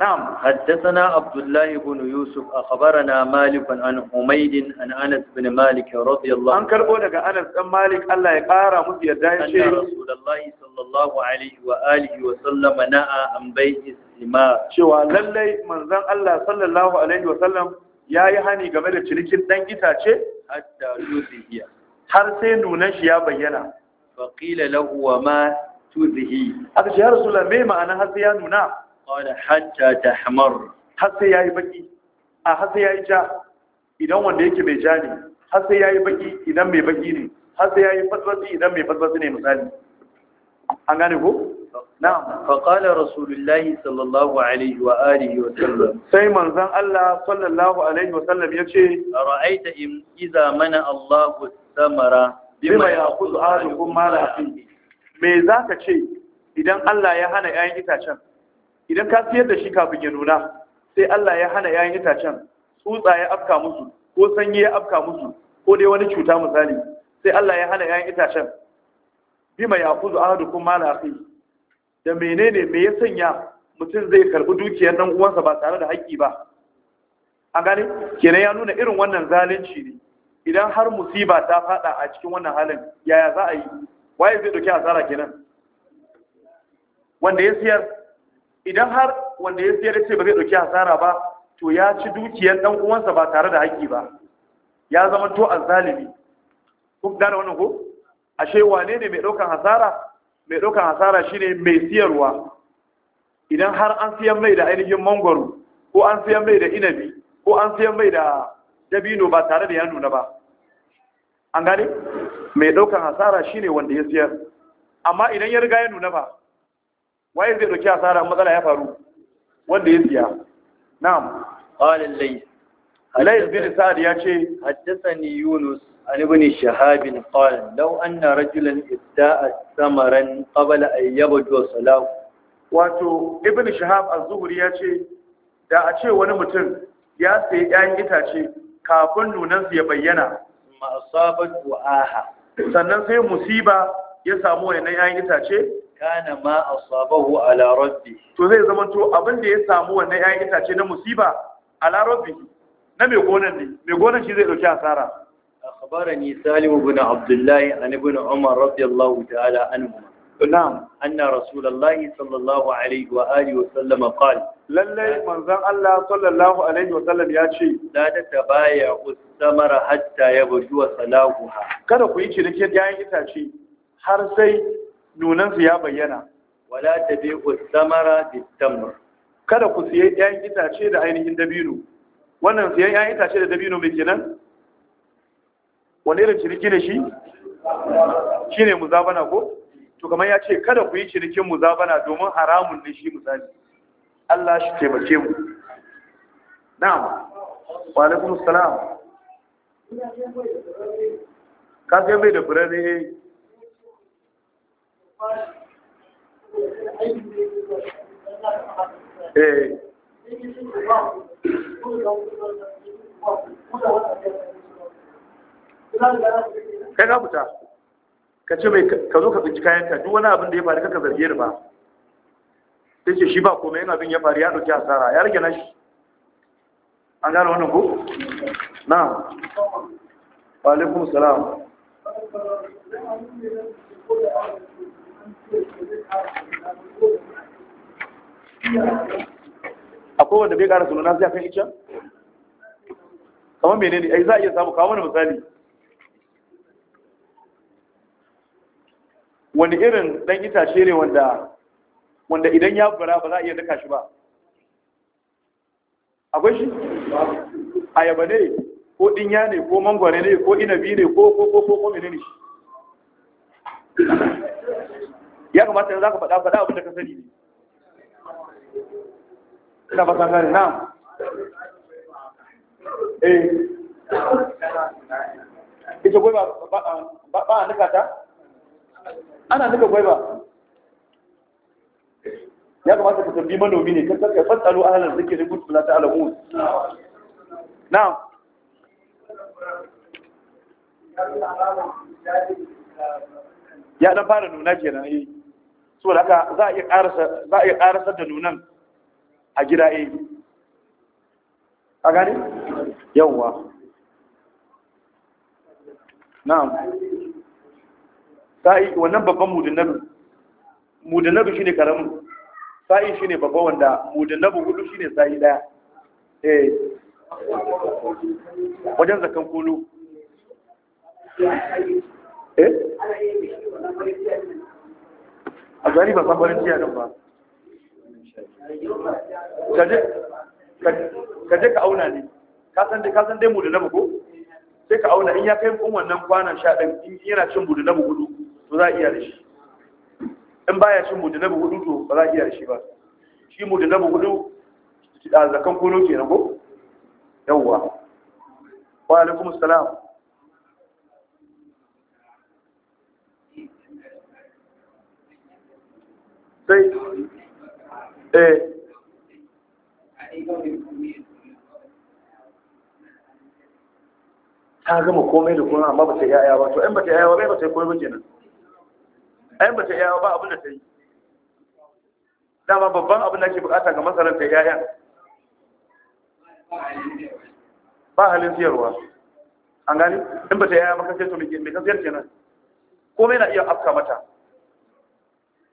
نعم حدثنا عبد الله بن يوسف أخبرنا مالك عن حميد عن أنس بن مالك رضي الله عنه أنكر لك أنس بن مالك الله يقارى مدي الدائشي أن رسول الله صلى الله عليه وآله وسلم نأى عن بيع الثمار شوى للي من ذن الله صلى الله عليه وسلم يا يهاني قبل تشريكين دان إتاتي حتى يوزي har sai nunan shi ya bayyana faqila lahu wa ma tudhi aka ce ya rasulullah me ma'ana har sai ya nuna qala ta hamar. har sai yi baki a har sai yi ja idan wanda yake mai ja ne har sai yi baki idan mai baki ne har sai yi fatwasi idan mai fatwasi ne misali an gane ko na'am fa qala rasulullahi sallallahu alaihi wa alihi wa sallam sai manzon Allah sallallahu alaihi wa sallam yace ra'aita in idza mana Allahu samara bima ya'khudhu ahadukum ma la me za ka ce idan Allah ya hana 'ya'yan itacen idan ka siyar da shi kafin ya nuna sai Allah ya hana yayin itacen tsutsa ya afka musu ko sanyi ya afka musu ko dai wani cuta misali sai Allah ya hana yayin itacen bima yaquzu ahadukum la akhi da menene me ya sanya mutum zai karbi dukiyar dan uwansa ba tare da haƙƙi ba an gane kenan ya nuna irin wannan zalunci ne idan har musiba ta fada a cikin wannan halin yaya za a yi waye zai dauki asara kenan wanda ya siyar idan har wanda ya sayar ce ba zai dauki hasara ba to ya ci dukiyar dan uwansa ba tare da haƙƙi ba ya zama to azzalimi kun gane wannan ko ashe wane ne mai daukan hasara mai daukan hasara shine mai siyarwa idan har an siyan mai da ainihin mangwaro ko an siyan mai da inabi ko an siyan mai da dabino ba tare da ya nuna ba an gane mai daukan hasara shine wanda ya siyar amma idan ya riga ya nuna ba waye zai doki asara matsala ya faru wanda ya siya na'am qala lay bin sa'd ya ce haddathani yunus an ibn shahab qala law anna rajulan ibta'a samaran qabla an yabdu salahu wato ibn shahab az-zuhri ya ce da a ce wani mutum ya sayi 'ya'yan itace kafin su ya bayyana ma'asabat aha sannan sai musiba ya samu wani 'ya'yan itace kana ma asabahu ala rabbi to zai zama to abin da ya samu wannan ƴaƴan itace na musiba ala rabbi na mai gonan ne mai gonan shi zai dauki asara akhbarani salim ibn abdullah an ibn umar radiyallahu ta'ala anhu نعم أن رسول الله صلى الله عليه وآله وسلم قال للي منزل الله صلى الله عليه وسلم يا شيء لا تتبايع الثمر حتى يبدو صلاحها kada ku yi cinikin ƴaƴan itace har sai nunansu ya bayyana wala tabi'u samara da bitamr kada ku siye ƴaƴan itace da ainihin dabino wannan siyan ƴaƴan itace da dabino mai kenan wani irin ciniki ne shi shine muzabana ko to kamar ya ce kada ku yi cinikin muzabana domin haramun ne shi misali Allah shi taimake mu na'am wa alaikum assalam ka sai mai da furare Eh. kai ka fita ka ce mai ka zo ka tsinci kayanka duk wani abin da ya faru kaka zarge ni ba ta ce shi ba komai yin abin ya faru ya ɗauki asara ya rage nashi an gano wannan ko na wa salam akwai wanda bai kara sunana sai kan icen? kamar menene ai za a iya samu kawo mana misali wani irin dan itace ne wanda wanda idan ya fura ba za a iya daka shi ba akwai shi ayaba ne ko ɗinya ne ko mangwane ne ko inabi ne ko ko ko ko menene shi kamata yanzu zaka faɗa faɗa ne ina ba san gane na'am eh ita gwaiba ba a nika ta ya kamata ka tambi manomi ne kan dan fara nuna kenan eh to da haka za a iya ƙarasar da nunan a gida a a gani? yawwa na'am sa'i wannan babban mudanabi mudanabi shine karamin sa'i shine babban wanda mudanabi hudu shine sa'i daya eh wajen zakan kulu eh a gari ba san farin jiya nan ba ka je ka auna ne ka san dai ka san dai mu da namu ko sai ka auna in ya kai kun wannan kwanan sha ɗan in yana cin budu na hudu to za a iya da shi in baya cin budu na hudu to ba za a iya da shi ba shi budu na hudu da zakan kono kenan ko yawwa wa alaikum Salam. sai eh ta gama komai da kuma amma ba ta yaya ba to ɗan ba ta yaya ba ba ta yi komai ba ke nan, ɗan ba ta yaya ba abin ta yi dama babban abin da ake bukata ga masarar ta yaya ba halin siyarwa an gani in ba ta yaya ba kasance to mai kasance nan, komai na iya afka mata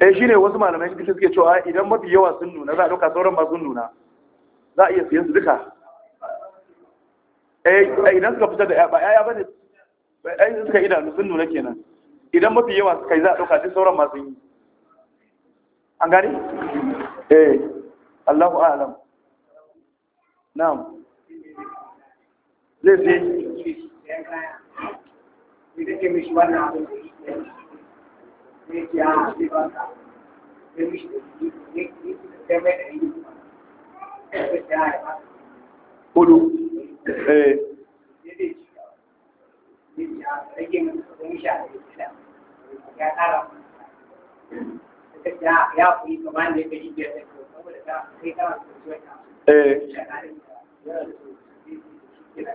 eh shine wasu malamai shi suke cewa idan mafi yawa sun nuna za a dauka sauran ba sun nuna za a iya siyan su duka eh, eh idan suka fitar da ya ba ya bane ai suka idanu sun nuna kenan idan mafi yawa suka yi za a dauka duk sauran ba sun yi an gani eh Allahu a'lam na'am zai sai wannan ne a zai ba ka sai a ya hudu eh, eh. ya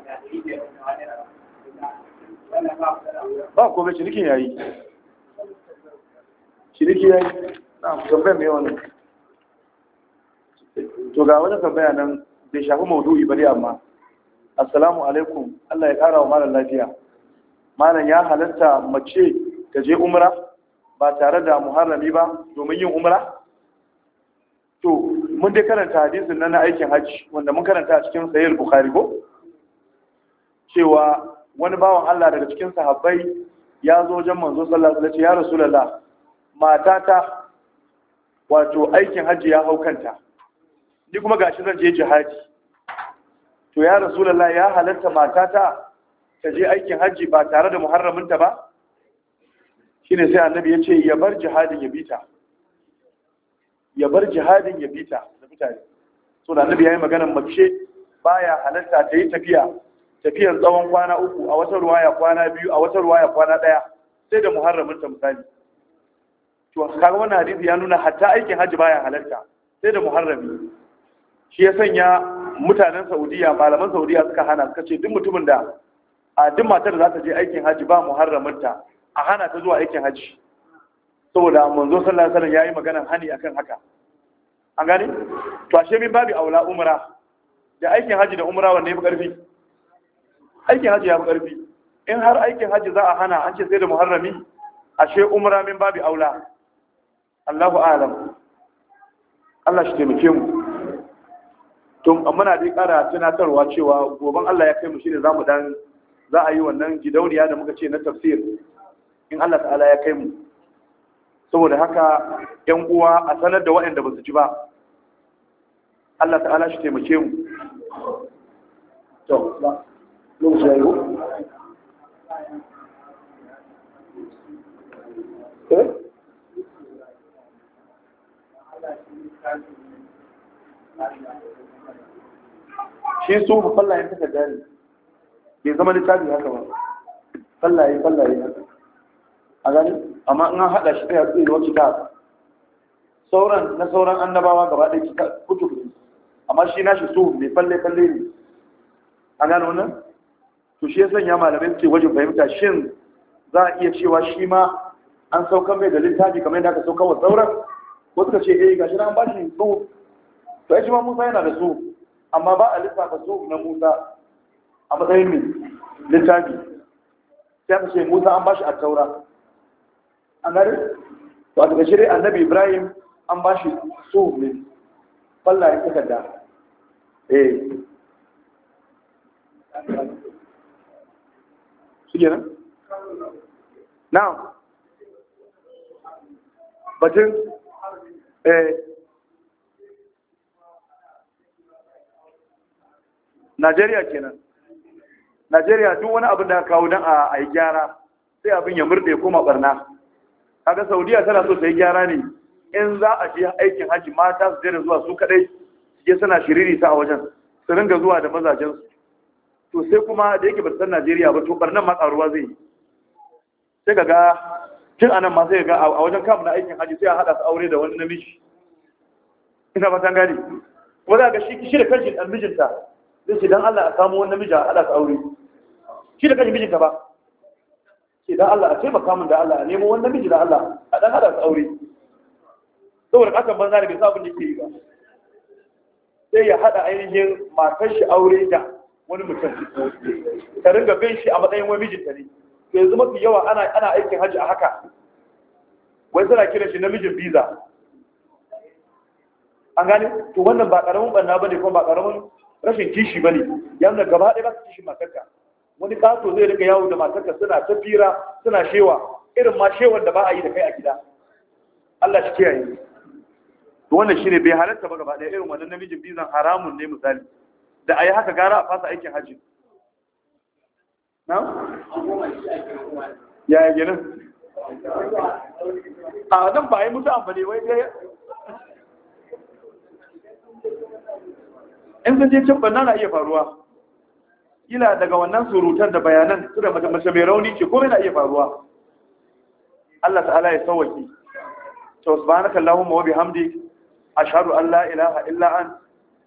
ta ah, kai ta ba kome cinikin yayi ciniki yayi na mai wani to ga wani tambaya nan bai shafi maudu'i bari amma assalamu alaikum Allah ya kara wa malam lafiya malam ya halatta mace ta je umra ba tare da muharrami ba domin yin umra to mun dai karanta hadisin nan na aikin hajji wanda mun karanta a cikin sayar bukhari ko cewa wani bawan Allah daga cikin sahabbai ya zo wajen manzo sallallahu alaihi wasallam ya rasulullah matata wato aikin haji ya hau kanta ni kuma gashi zan je jihadi to ya rasulullah ya halatta matata ta je aikin haji ba tare da muharraminta ba shine sai annabi ya ce ya bar jihadin ya bita ya bar jihadin ya bita da mutane so da annabi ya yi maganar mace baya halatta ta yi tafiya Tafiyar tsawon kwana uku a wata ruwaya kwana biyu a wata ruwaya kwana ɗaya sai da muharramin ta misali to kaga wannan hadisi ya nuna hatta aikin hajji baya halarta sai da muharrami shi ya sanya mutanen saudiya malaman saudiya suka hana suka ce duk mutumin da a duk matar za ta je aikin hajji ba muharraminta a hana ta zuwa aikin hajji saboda manzo sallallahu alaihi wasallam yayi magana hani akan haka an gane to ashe min babu aula umra da aikin hajji da umra wanne ya fi karfi aikin hajji ya fi ƙarfi in har aikin hajji za a hana an ce sai da muharrami ashe umra min babu aula Allahu a'lam Allah shi taimake mu tun muna dai ƙara tunatarwa cewa goban Allah ya kai mu shine zamu dan za a yi wannan gidauniya da muka ce na tafsir in Allah ta'ala ya kai mu saboda haka yan uwa a sanar da waɗanda ba su ji ba Allah ta'ala shi taimake mu to lokaci ya yi ko shi su fallayen suka gane bai zama littafi haka ba fallaye fallaye haka a gani amma in haɗa shi ɗaya tsaye da wacce ta sauran na sauran annabawa gaba ɗaya kutu amma shi na shi su mai falle falle ne a gano wannan to shi ya sanya malamai suke wajen fahimta shin za a iya cewa shi ma an saukan mai da littafi kamar yadda aka saukan wa sauran wasu ka ce eh gashi na an bashi su to shi ma Musa yana da su amma ba a lissafa su na Musa a matsayin mai littafi sai aka ce Musa an bashi a taura an gari to a daga shirin annabi Ibrahim an bashi su ne fallaye takarda eh shi nan? batun eh najeriya kenan najeriya duk wani abin da kawo don a yi gyara sai abin ya murde koma barna kaga saudiya tana so ta yi gyara ne in za a je aikin hajji mata su daina zuwa su kadai je suna shiriri ta a wajen su ringa zuwa da mazajensu to sai kuma da yake ba san Najeriya ba to barnan ma karuwa zai yi sai kaga ga tun anan ma sai ga a wajen kamun aikin haji sai a hada su aure da wani namiji ina ba san gani ko za ka shi shi da kanshi dan mijinta zai ce dan Allah a samu wani namiji a hada su aure shi da kanshi mijinta ba ce dan Allah a taimaka min da Allah a nemo wani namiji da Allah a dan hada su aure saboda kasan banza da bai sa abin da yake yi ba sai ya hada ainihin matar shi aure da wani mutum ta ringa bin shi a matsayin wani mijinta ne to yanzu mafi yawa ana ana aikin hajji a haka wai suna kiran shi namijin biza an gane to wannan ba karamin banna bane kuma ba karamin rashin kishi bane yanda gaba ɗaya ba su kishi matarka wani kaso zai rika yawo da matarka suna ta fira suna shewa irin ma shewar da ba a yi da kai a gida Allah shi kiyaye to wannan shine bai halatta ba gaba ɗaya irin wannan namijin bizan haramun ne misali da a yi haka gara a fasa aikin hajji ya yaya gina a wajen bayan musu amfani wai yi in sun je cin banna na iya faruwa ila daga wannan surutan da bayanan su da mace mai rauni ce kome na iya faruwa Allah ta'ala ya sauwaki ta su ba na kallahun mawabi hamdi a sharu Allah ilaha illa an